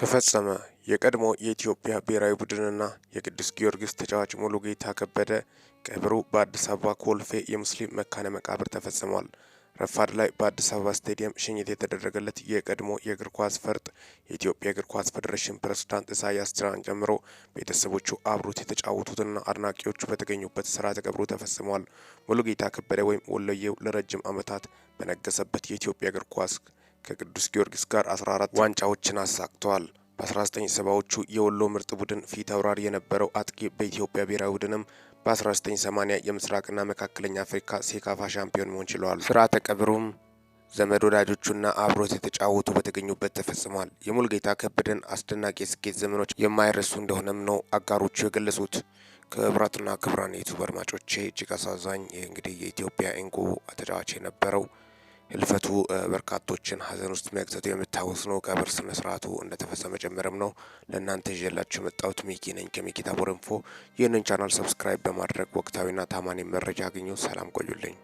ተፈጸመ። የቀድሞ የኢትዮጵያ ብሔራዊ ቡድንና የቅዱስ ጊዮርጊስ ተጫዋች ሙሉጌታ ከበደ ቀብሩ በአዲስ አበባ ኮልፌ የሙስሊም መካነ መቃብር ተፈጽሟል። ረፋድ ላይ በአዲስ አበባ ስቴዲየም ሽኝት የተደረገለት የቀድሞ የእግር ኳስ ፈርጥ የኢትዮጵያ እግር ኳስ ፌዴሬሽን ፕሬዝዳንት ኢሳያስ ጅራን ጨምሮ ቤተሰቦቹ አብሮት የተጫወቱትና አድናቂዎቹ በተገኙበት ስርዓተ ቀብሩ ተፈጽሟል። ሙሉጌታ ከበደ ወይም ወሎዬው ለረጅም ዓመታት በነገሰበት የኢትዮጵያ እግር ኳስ ከቅዱስ ጊዮርጊስ ጋር 14 ዋንጫዎችን አሳክተዋል። በ1970ዎቹ የወሎ ምርጥ ቡድን ፊት አውራሪ የነበረው አጥቂ በኢትዮጵያ ብሔራዊ ቡድንም በ1980 የምስራቅና መካከለኛ አፍሪካ ሴካፋ ሻምፒዮን መሆን ችለዋል። ስርዓተ ቀብሩም ዘመድ ወዳጆቹና አብሮት የተጫወቱ በተገኙበት ተፈጽሟል። የሙልጌታ ከበደን አስደናቂ የስኬት ዘመኖች የማይረሱ እንደሆነም ነው አጋሮቹ የገለጹት። ክብራትና ክብራን የዩቱብ አድማጮቼ እጅግ አሳዛኝ እንግዲህ የኢትዮጵያ እንቁ ተጫዋች የነበረው ህልፈቱ በርካቶችን ሀዘን ውስጥ መክተቱ የምታወስ ነው። ቀብር ስነ ስርዓቱ እንደተፈጸመ ጭምርም ነው ለእናንተ ይዤላችሁ የመጣሁት። ሚኪ ነኝ ከሚኪታ ቦረንፎ። ይህንን ቻናል ሰብስክራይብ በማድረግ ወቅታዊና ታማኒ መረጃ አግኙ። ሰላም ቆዩልኝ።